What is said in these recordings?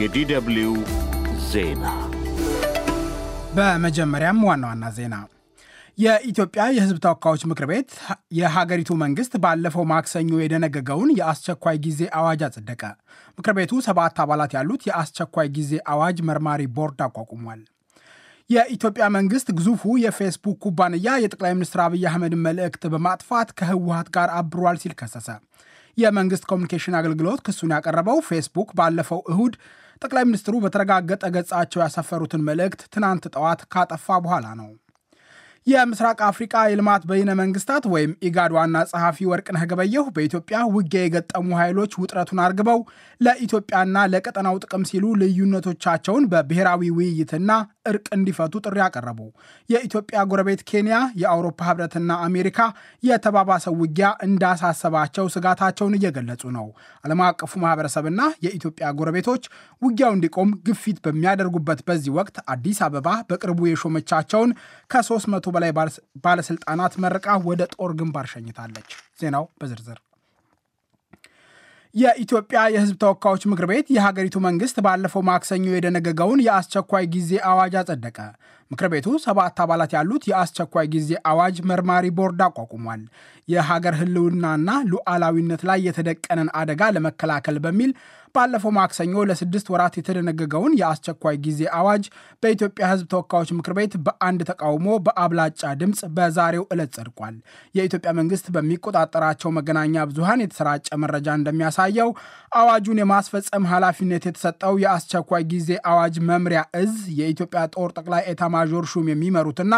የዲደብልዩ ዜና በመጀመሪያም ዋና ዋና ዜና የኢትዮጵያ የህዝብ ተወካዮች ምክር ቤት የሀገሪቱ መንግስት ባለፈው ማክሰኞ የደነገገውን የአስቸኳይ ጊዜ አዋጅ አጸደቀ። ምክር ቤቱ ሰባት አባላት ያሉት የአስቸኳይ ጊዜ አዋጅ መርማሪ ቦርድ አቋቁሟል። የኢትዮጵያ መንግስት ግዙፉ የፌስቡክ ኩባንያ የጠቅላይ ሚኒስትር አብይ አህመድን መልእክት በማጥፋት ከህወሀት ጋር አብሯል ሲል ከሰሰ። የመንግስት ኮሚኒኬሽን አገልግሎት ክሱን ያቀረበው ፌስቡክ ባለፈው እሁድ ጠቅላይ ሚኒስትሩ በተረጋገጠ ገጻቸው ያሰፈሩትን መልእክት ትናንት ጠዋት ካጠፋ በኋላ ነው። የምስራቅ አፍሪቃ የልማት በይነ መንግስታት ወይም ኢጋድ ዋና ጸሐፊ ወርቅነህ ገበየሁ በኢትዮጵያ ውጊያ የገጠሙ ኃይሎች ውጥረቱን አርግበው ለኢትዮጵያና ለቀጠናው ጥቅም ሲሉ ልዩነቶቻቸውን በብሔራዊ ውይይትና እርቅ እንዲፈቱ ጥሪ አቀረቡ። የኢትዮጵያ ጎረቤት ኬንያ፣ የአውሮፓ ህብረትና አሜሪካ የተባባሰው ውጊያ እንዳሳሰባቸው ስጋታቸውን እየገለጹ ነው። ዓለም አቀፉ ማህበረሰብና የኢትዮጵያ ጎረቤቶች ውጊያው እንዲቆም ግፊት በሚያደርጉበት በዚህ ወቅት አዲስ አበባ በቅርቡ የሾመቻቸውን ከ300 በላይ ባለስልጣናት መርቃ ወደ ጦር ግንባር ሸኝታለች። ዜናው በዝርዝር የኢትዮጵያ የሕዝብ ተወካዮች ምክር ቤት የሀገሪቱ መንግስት ባለፈው ማክሰኞ የደነገገውን የአስቸኳይ ጊዜ አዋጅ አጸደቀ። ምክር ቤቱ ሰባት አባላት ያሉት የአስቸኳይ ጊዜ አዋጅ መርማሪ ቦርድ አቋቁሟል። የሀገር ሕልውናና ሉዓላዊነት ላይ የተደቀነን አደጋ ለመከላከል በሚል ባለፈው ማክሰኞ ለስድስት ወራት የተደነገገውን የአስቸኳይ ጊዜ አዋጅ በኢትዮጵያ ሕዝብ ተወካዮች ምክር ቤት በአንድ ተቃውሞ በአብላጫ ድምፅ በዛሬው ዕለት ጸድቋል። የኢትዮጵያ መንግስት በሚቆጣጠራቸው መገናኛ ብዙሃን የተሰራጨ መረጃ እንደሚያሳየው አዋጁን የማስፈጸም ኃላፊነት የተሰጠው የአስቸኳይ ጊዜ አዋጅ መምሪያ እዝ የኢትዮጵያ ጦር ጠቅላይ ኤታማዦር ሹም የሚመሩትና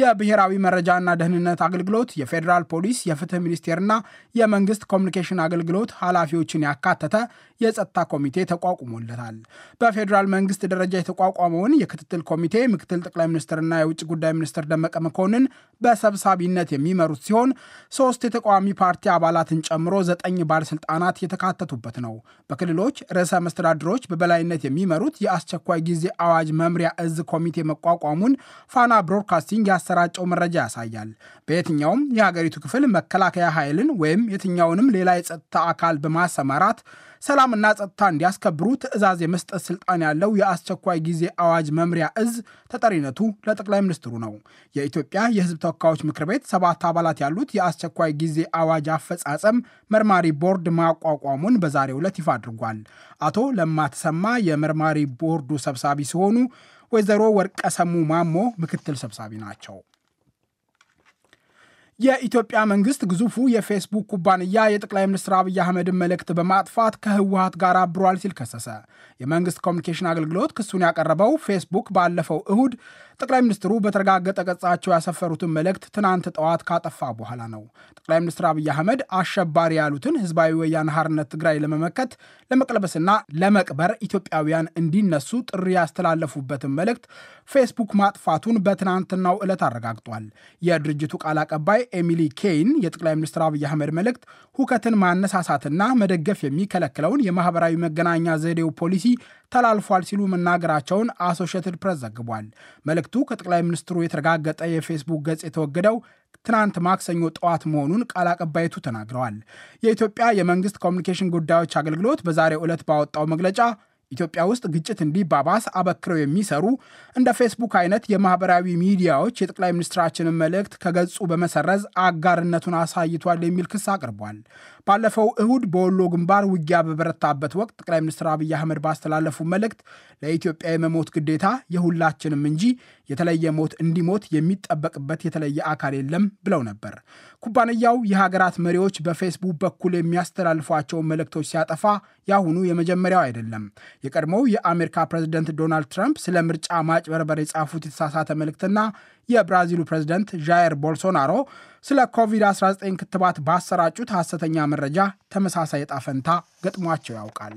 የብሔራዊ መረጃና ደህንነት አገልግሎት፣ የፌዴራል ፖሊስ፣ የፍትህ ሚኒስቴርና የመንግስት ኮሚኒኬሽን አገልግሎት ኃላፊዎችን ያካተተ የጸጥታ ኮሚቴ ተቋቁሞለታል። በፌዴራል መንግስት ደረጃ የተቋቋመውን የክትትል ኮሚቴ ምክትል ጠቅላይ ሚኒስትርና የውጭ ጉዳይ ሚኒስትር ደመቀ መኮንን በሰብሳቢነት የሚመሩት ሲሆን ሶስት የተቃዋሚ ፓርቲ አባላትን ጨምሮ ዘጠኝ ባለስልጣናት የተካተቱበት ነው። በክልሎች ርዕሰ መስተዳድሮች በበላይነት የሚመሩት የአስቸኳይ ጊዜ አዋጅ መምሪያ እዝ ኮሚቴ መቋቋሙን ፋና ብሮድካስቲንግ ያሰራጨው መረጃ ያሳያል። በየትኛውም የሀገሪቱ ክፍል መከላከያ ኃይልን ወይም የትኛውንም ሌላ የጸጥታ አካል በማሰማራት ሰላምና ጸጥታ እንዲያስከብሩ ትዕዛዝ የመስጠት ስልጣን ያለው የአስቸኳይ ጊዜ አዋጅ መምሪያ እዝ ተጠሪነቱ ለጠቅላይ ሚኒስትሩ ነው። የኢትዮጵያ የህዝብ ተወካዮች ምክር ቤት ሰባት አባላት ያሉት የአስቸኳይ ጊዜ አዋጅ አፈጻጸም መርማሪ ቦርድ ማቋቋሙን በዛሬው ዕለት ይፋ አድርጓል። አቶ ለማ ተሰማ የመርማሪ ቦርዱ ሰብሳቢ ሲሆኑ ወይዘሮ ወርቀሰሙ ማሞ ምክትል ሰብሳቢ ናቸው። የኢትዮጵያ መንግስት ግዙፉ የፌስቡክ ኩባንያ የጠቅላይ ሚኒስትር አብይ አህመድን መልእክት በማጥፋት ከህወሀት ጋር አብሯል ሲል ከሰሰ። የመንግስት ኮሚኒኬሽን አገልግሎት ክሱን ያቀረበው ፌስቡክ ባለፈው እሁድ ጠቅላይ ሚኒስትሩ በተረጋገጠ ገጻቸው ያሰፈሩትን መልእክት ትናንት ጠዋት ካጠፋ በኋላ ነው። ጠቅላይ ሚኒስትር አብይ አህመድ አሸባሪ ያሉትን ህዝባዊ ወያነ ሓርነት ትግራይ ለመመከት ለመቅለበስና ለመቅበር ኢትዮጵያውያን እንዲነሱ ጥሪ ያስተላለፉበትን መልእክት ፌስቡክ ማጥፋቱን በትናንትናው ዕለት አረጋግጧል። የድርጅቱ ቃል አቀባይ ኤሚሊ ኬይን የጠቅላይ ሚኒስትር አብይ አህመድ መልእክት ሁከትን ማነሳሳትና መደገፍ የሚከለክለውን የማህበራዊ መገናኛ ዘዴው ፖሊሲ ተላልፏል ሲሉ መናገራቸውን አሶሽትድ ፕሬስ ዘግቧል። በወቅቱ ከጠቅላይ ሚኒስትሩ የተረጋገጠ የፌስቡክ ገጽ የተወገደው ትናንት ማክሰኞ ጠዋት መሆኑን ቃል አቀባይቱ ተናግረዋል። የኢትዮጵያ የመንግስት ኮሚኒኬሽን ጉዳዮች አገልግሎት በዛሬ ዕለት ባወጣው መግለጫ ኢትዮጵያ ውስጥ ግጭት እንዲባባስ አበክረው የሚሰሩ እንደ ፌስቡክ አይነት የማህበራዊ ሚዲያዎች የጠቅላይ ሚኒስትራችንን መልእክት ከገጹ በመሰረዝ አጋርነቱን አሳይቷል የሚል ክስ አቅርቧል። ባለፈው እሁድ በወሎ ግንባር ውጊያ በበረታበት ወቅት ጠቅላይ ሚኒስትር አብይ አህመድ ባስተላለፉ መልእክት ለኢትዮጵያ የመሞት ግዴታ የሁላችንም እንጂ የተለየ ሞት እንዲሞት የሚጠበቅበት የተለየ አካል የለም ብለው ነበር። ኩባንያው የሀገራት መሪዎች በፌስቡክ በኩል የሚያስተላልፏቸውን መልእክቶች ሲያጠፋ ያሁኑ የመጀመሪያው አይደለም። የቀድሞው የአሜሪካ ፕሬዝደንት ዶናልድ ትራምፕ ስለ ምርጫ ማጭበርበር የጻፉት የተሳሳተ መልእክትና የብራዚሉ ፕሬዝደንት ዣየር ቦልሶናሮ ስለ ኮቪድ-19 ክትባት ባሰራጩት ሐሰተኛ መረጃ ተመሳሳይ ዕጣ ፈንታ ገጥሟቸው ያውቃል።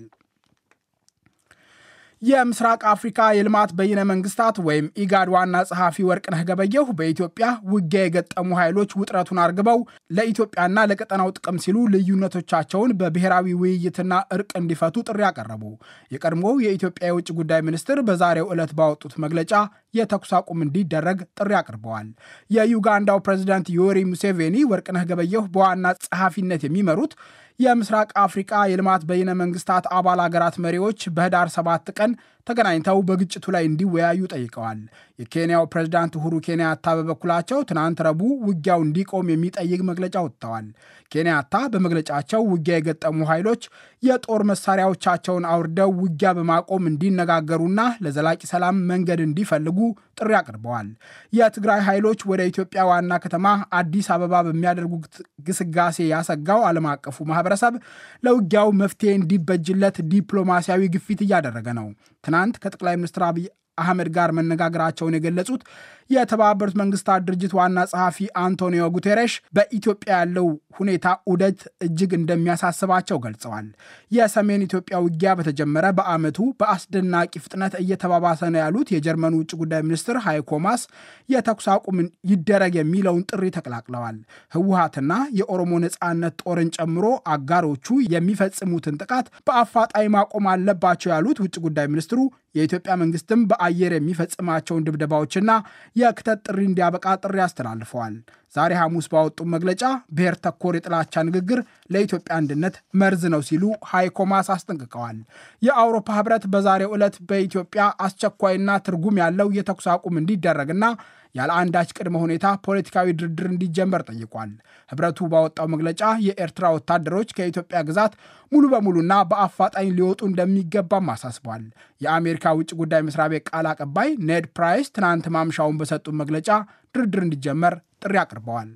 የምስራቅ አፍሪካ የልማት በይነ መንግስታት ወይም ኢጋድ ዋና ጸሐፊ ወርቅነህ ገበየሁ በኢትዮጵያ ውጊያ የገጠሙ ኃይሎች ውጥረቱን አርግበው ለኢትዮጵያና ለቀጠናው ጥቅም ሲሉ ልዩነቶቻቸውን በብሔራዊ ውይይትና እርቅ እንዲፈቱ ጥሪ አቀረቡ። የቀድሞው የኢትዮጵያ የውጭ ጉዳይ ሚኒስትር በዛሬው ዕለት ባወጡት መግለጫ የተኩስ አቁም እንዲደረግ ጥሪ አቅርበዋል። የዩጋንዳው ፕሬዚዳንት ዮዌሪ ሙሴቬኒ ወርቅነህ ገበየሁ በዋና ጸሐፊነት የሚመሩት የምስራቅ አፍሪቃ የልማት በይነ መንግስታት አባል አገራት መሪዎች በህዳር ሰባት ቀን ተገናኝተው በግጭቱ ላይ እንዲወያዩ ጠይቀዋል። የኬንያው ፕሬዝዳንት ሁሩ ኬንያታ በበኩላቸው ትናንት ረቡዕ ውጊያው እንዲቆም የሚጠይቅ መግለጫ ወጥተዋል። ኬንያታ በመግለጫቸው ውጊያ የገጠሙ ኃይሎች የጦር መሳሪያዎቻቸውን አውርደው ውጊያ በማቆም እንዲነጋገሩና ለዘላቂ ሰላም መንገድ እንዲፈልጉ ጥሪ አቅርበዋል። የትግራይ ኃይሎች ወደ ኢትዮጵያ ዋና ከተማ አዲስ አበባ በሚያደርጉት ግስጋሴ ያሰጋው ዓለም አቀፉ ማህበረሰብ ለውጊያው መፍትሄ እንዲበጅለት ዲፕሎማሲያዊ ግፊት እያደረገ ነው። ትናንት ከጠቅላይ ሚኒስትር አብይ አህመድ ጋር መነጋገራቸውን የገለጹት የተባበሩት መንግስታት ድርጅት ዋና ጸሐፊ አንቶኒዮ ጉቴሬሽ በኢትዮጵያ ያለው ሁኔታ ውደት እጅግ እንደሚያሳስባቸው ገልጸዋል። የሰሜን ኢትዮጵያ ውጊያ በተጀመረ በዓመቱ በአስደናቂ ፍጥነት እየተባባሰ ነው ያሉት የጀርመኑ ውጭ ጉዳይ ሚኒስትር ሃይኮ ማስ የተኩስ አቁም ይደረግ የሚለውን ጥሪ ተቀላቅለዋል። ህወሀትና የኦሮሞ ነጻነት ጦርን ጨምሮ አጋሮቹ የሚፈጽሙትን ጥቃት በአፋጣኝ ማቆም አለባቸው ያሉት ውጭ ጉዳይ ሚኒስትሩ የኢትዮጵያ መንግስትም በአየር የሚፈጽማቸውን ድብደባዎችና የክተት ጥሪ እንዲያበቃ ጥሪ አስተላልፈዋል። ዛሬ ሐሙስ ባወጡ መግለጫ ብሔር ተኮር የጥላቻ ንግግር ለኢትዮጵያ አንድነት መርዝ ነው ሲሉ ሃይኮማስ አስጠንቅቀዋል። የአውሮፓ ህብረት በዛሬው ዕለት በኢትዮጵያ አስቸኳይና ትርጉም ያለው የተኩስ አቁም እንዲደረግና ያለ አንዳች ቅድመ ሁኔታ ፖለቲካዊ ድርድር እንዲጀመር ጠይቋል። ህብረቱ ባወጣው መግለጫ የኤርትራ ወታደሮች ከኢትዮጵያ ግዛት ሙሉ በሙሉና በአፋጣኝ ሊወጡ እንደሚገባም አሳስቧል። የአሜሪካ ውጭ ጉዳይ መስሪያ ቤት ቃል አቀባይ ኔድ ፕራይስ ትናንት ማምሻውን በሰጡት መግለጫ ድርድር እንዲጀመር ጥሪ አቅርበዋል።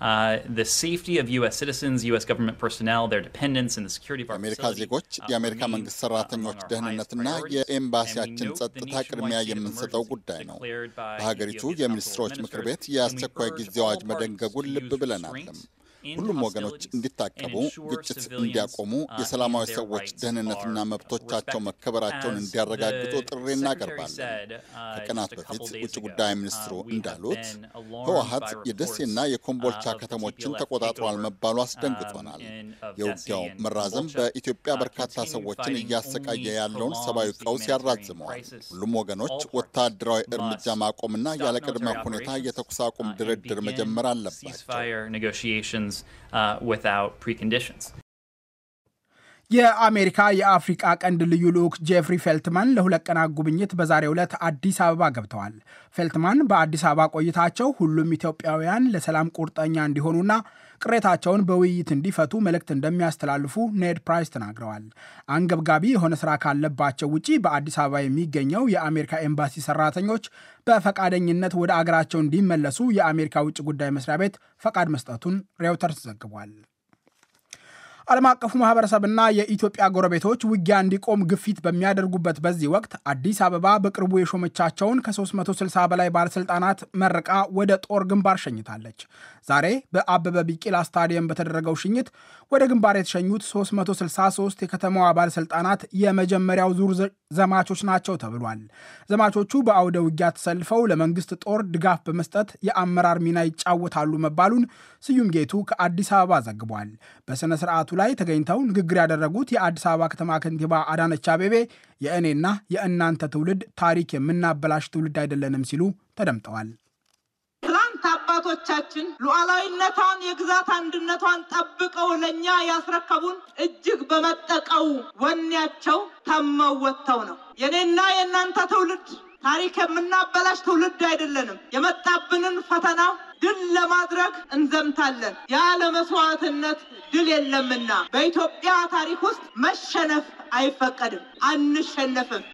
Uh, the safety of U.S. citizens, U.S. government personnel, their dependents, and the security of our የአሜሪካ ዜጎች uh, የአሜሪካ መንግስት uh, ሰራተኞች ደህንነትና የኤምባሲያችን ጸጥታ ቅድሚያ የምንሰጠው ጉዳይ ነው። በሀገሪቱ የሚኒስትሮች ምክር ቤት የአስቸኳይ ጊዜ አዋጅ መደንገጉን ልብ ብለን አለም። ሁሉም ወገኖች እንዲታቀቡ፣ ግጭት እንዲያቆሙ፣ uh, የሰላማዊ ሰዎች ደህንነትና መብቶቻቸው መከበራቸውን እንዲያረጋግጡ ጥሪ እናቀርባለን። uh, ከቀናት በፊት ውጭ ጉዳይ uh, ሚኒስትሩ እንዳሉት ህወሀት የደሴና የኮምቦልቻ ከተሞችን ተቆጣጥሯል መባሉ um, አስደንግጦናል። የውጊያው መራዘም በኢትዮጵያ በርካታ ሰዎችን እያሰቃየ ያለውን ሰብአዊ ቀውስ ያራዝመዋል። ሁሉም ወገኖች ወታደራዊ እርምጃ ማቆምና ያለቅድመ ሁኔታ የተኩስ አቁም ድርድር መጀመር አለባቸው። uh, without preconditions. የአሜሪካ የአፍሪቃ ቀንድ ልዩ ልዑክ ጄፍሪ ፌልትማን ለሁለት ቀናት ጉብኝት በዛሬው ዕለት አዲስ አበባ ገብተዋል። ፌልትማን በአዲስ አበባ ቆይታቸው ሁሉም ኢትዮጵያውያን ለሰላም ቁርጠኛ እንዲሆኑና ቅሬታቸውን በውይይት እንዲፈቱ መልእክት እንደሚያስተላልፉ ኔድ ፕራይስ ተናግረዋል። አንገብጋቢ የሆነ ስራ ካለባቸው ውጪ በአዲስ አበባ የሚገኘው የአሜሪካ ኤምባሲ ሰራተኞች በፈቃደኝነት ወደ አገራቸው እንዲመለሱ የአሜሪካ ውጭ ጉዳይ መስሪያ ቤት ፈቃድ መስጠቱን ሬውተርስ ዘግቧል። ዓለም አቀፉ ማህበረሰብና የኢትዮጵያ ጎረቤቶች ውጊያ እንዲቆም ግፊት በሚያደርጉበት በዚህ ወቅት አዲስ አበባ በቅርቡ የሾመቻቸውን ከ360 በላይ ባለስልጣናት መርቃ ወደ ጦር ግንባር ሸኝታለች። ዛሬ በአበበ ቢቂላ ስታዲየም በተደረገው ሽኝት ወደ ግንባር የተሸኙት 363 የከተማዋ ባለስልጣናት የመጀመሪያው ዙር ዘማቾች ናቸው ተብሏል። ዘማቾቹ በአውደ ውጊያ ተሰልፈው ለመንግስት ጦር ድጋፍ በመስጠት የአመራር ሚና ይጫወታሉ መባሉን ስዩም ጌቱ ከአዲስ አበባ ዘግቧል። በሥነ ላይ ተገኝተው ንግግር ያደረጉት የአዲስ አበባ ከተማ ከንቲባ አዳነች አቤቤ የእኔና የእናንተ ትውልድ ታሪክ የምናበላሽ ትውልድ አይደለንም ሲሉ ተደምጠዋል። ትላንት አባቶቻችን ሉዓላዊነቷን፣ የግዛት አንድነቷን ጠብቀው ለእኛ ያስረከቡን እጅግ በመጠቀው ወኔያቸው ታመው ነው። የእኔና የእናንተ ትውልድ ታሪክ የምናበላሽ ትውልድ አይደለንም። የመጣብንን ፈተና ድል ለማድረግ እንዘምታለን። ያለ መስዋዕትነት ድል የለምና በኢትዮጵያ ታሪክ ውስጥ መሸነፍ አይፈቀድም፣ አንሸነፍም።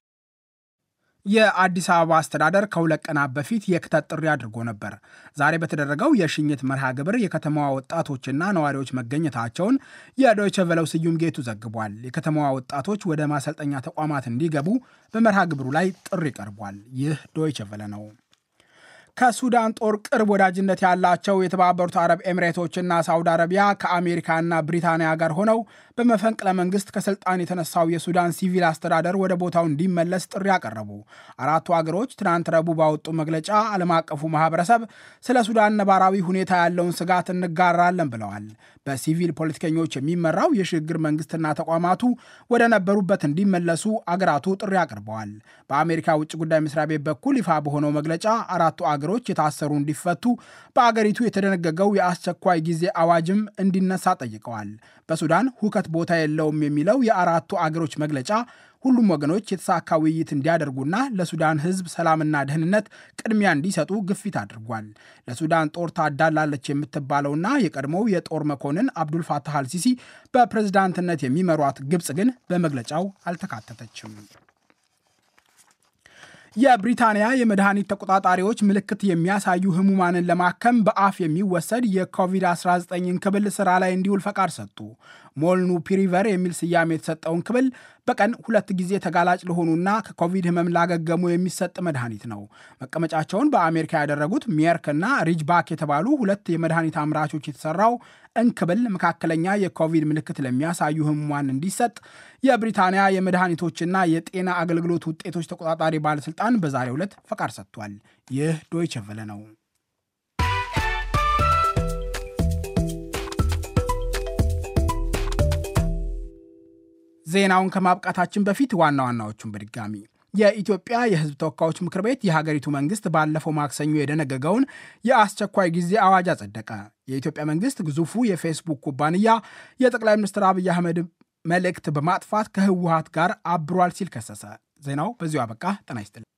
የአዲስ አበባ አስተዳደር ከሁለት ቀናት በፊት የክተት ጥሪ አድርጎ ነበር። ዛሬ በተደረገው የሽኝት መርሃ ግብር የከተማዋ ወጣቶችና ነዋሪዎች መገኘታቸውን የዶይቸ ቬለው ስዩም ጌቱ ዘግቧል። የከተማዋ ወጣቶች ወደ ማሰልጠኛ ተቋማት እንዲገቡ በመርሃ ግብሩ ላይ ጥሪ ቀርቧል። ይህ ዶይቸ ቬለ ነው። ከሱዳን ጦር ቅርብ ወዳጅነት ያላቸው የተባበሩት አረብ ኤሚሬቶችና ሳውዲ አረቢያ ከአሜሪካና ብሪታንያ ጋር ሆነው በመፈንቅለ መንግስት ከስልጣን የተነሳው የሱዳን ሲቪል አስተዳደር ወደ ቦታው እንዲመለስ ጥሪ አቀረቡ። አራቱ አገሮች ትናንት ረቡዕ ባወጡ መግለጫ ዓለም አቀፉ ማህበረሰብ ስለ ሱዳን ነባራዊ ሁኔታ ያለውን ስጋት እንጋራለን ብለዋል። በሲቪል ፖለቲከኞች የሚመራው የሽግግር መንግስትና ተቋማቱ ወደ ነበሩበት እንዲመለሱ አገራቱ ጥሪ አቅርበዋል። በአሜሪካ ውጭ ጉዳይ መስሪያ ቤት በኩል ይፋ በሆነው መግለጫ አራቱ አገሮች የታሰሩ እንዲፈቱ በአገሪቱ የተደነገገው የአስቸኳይ ጊዜ አዋጅም እንዲነሳ ጠይቀዋል። በሱዳን ሁከት ለጦርነት ቦታ የለውም የሚለው የአራቱ አገሮች መግለጫ ሁሉም ወገኖች የተሳካ ውይይት እንዲያደርጉና ለሱዳን ሕዝብ ሰላምና ደህንነት ቅድሚያ እንዲሰጡ ግፊት አድርጓል። ለሱዳን ጦር ታዳላለች የምትባለውና የቀድሞው የጦር መኮንን አብዱልፋታህ አልሲሲ በፕሬዝዳንትነት የሚመሯት ግብፅ ግን በመግለጫው አልተካተተችም። የብሪታንያ የመድኃኒት ተቆጣጣሪዎች ምልክት የሚያሳዩ ህሙማንን ለማከም በአፍ የሚወሰድ የኮቪድ-19 እንክብል ስራ ላይ እንዲውል ፈቃድ ሰጡ። ፒሪቨር የሚል ስያሜ የተሰጠውን ክብል በቀን ሁለት ጊዜ ተጋላጭ ለሆኑና ከኮቪድ ህመም ላገገሙ የሚሰጥ መድኃኒት ነው። መቀመጫቸውን በአሜሪካ ያደረጉት ሚየርክ እና ሪጅባክ የተባሉ ሁለት የመድኃኒት አምራቾች የተሰራው እንክብል መካከለኛ የኮቪድ ምልክት ለሚያሳዩ ህሙማን እንዲሰጥ የብሪታንያ የመድኃኒቶችና የጤና አገልግሎት ውጤቶች ተቆጣጣሪ ባለስልጣን በዛሬው ዕለት ፈቃድ ሰጥቷል። ይህ ዶይቸ ነው። ዜናውን ከማብቃታችን በፊት ዋና ዋናዎቹን በድጋሚ የኢትዮጵያ የሕዝብ ተወካዮች ምክር ቤት የሀገሪቱ መንግስት ባለፈው ማክሰኞ የደነገገውን የአስቸኳይ ጊዜ አዋጅ አጸደቀ። የኢትዮጵያ መንግስት ግዙፉ የፌስቡክ ኩባንያ የጠቅላይ ሚኒስትር አብይ አህመድ መልእክት በማጥፋት ከህወሀት ጋር አብሯል ሲል ከሰሰ። ዜናው በዚሁ አበቃ። ጤና ይስጥልኝ።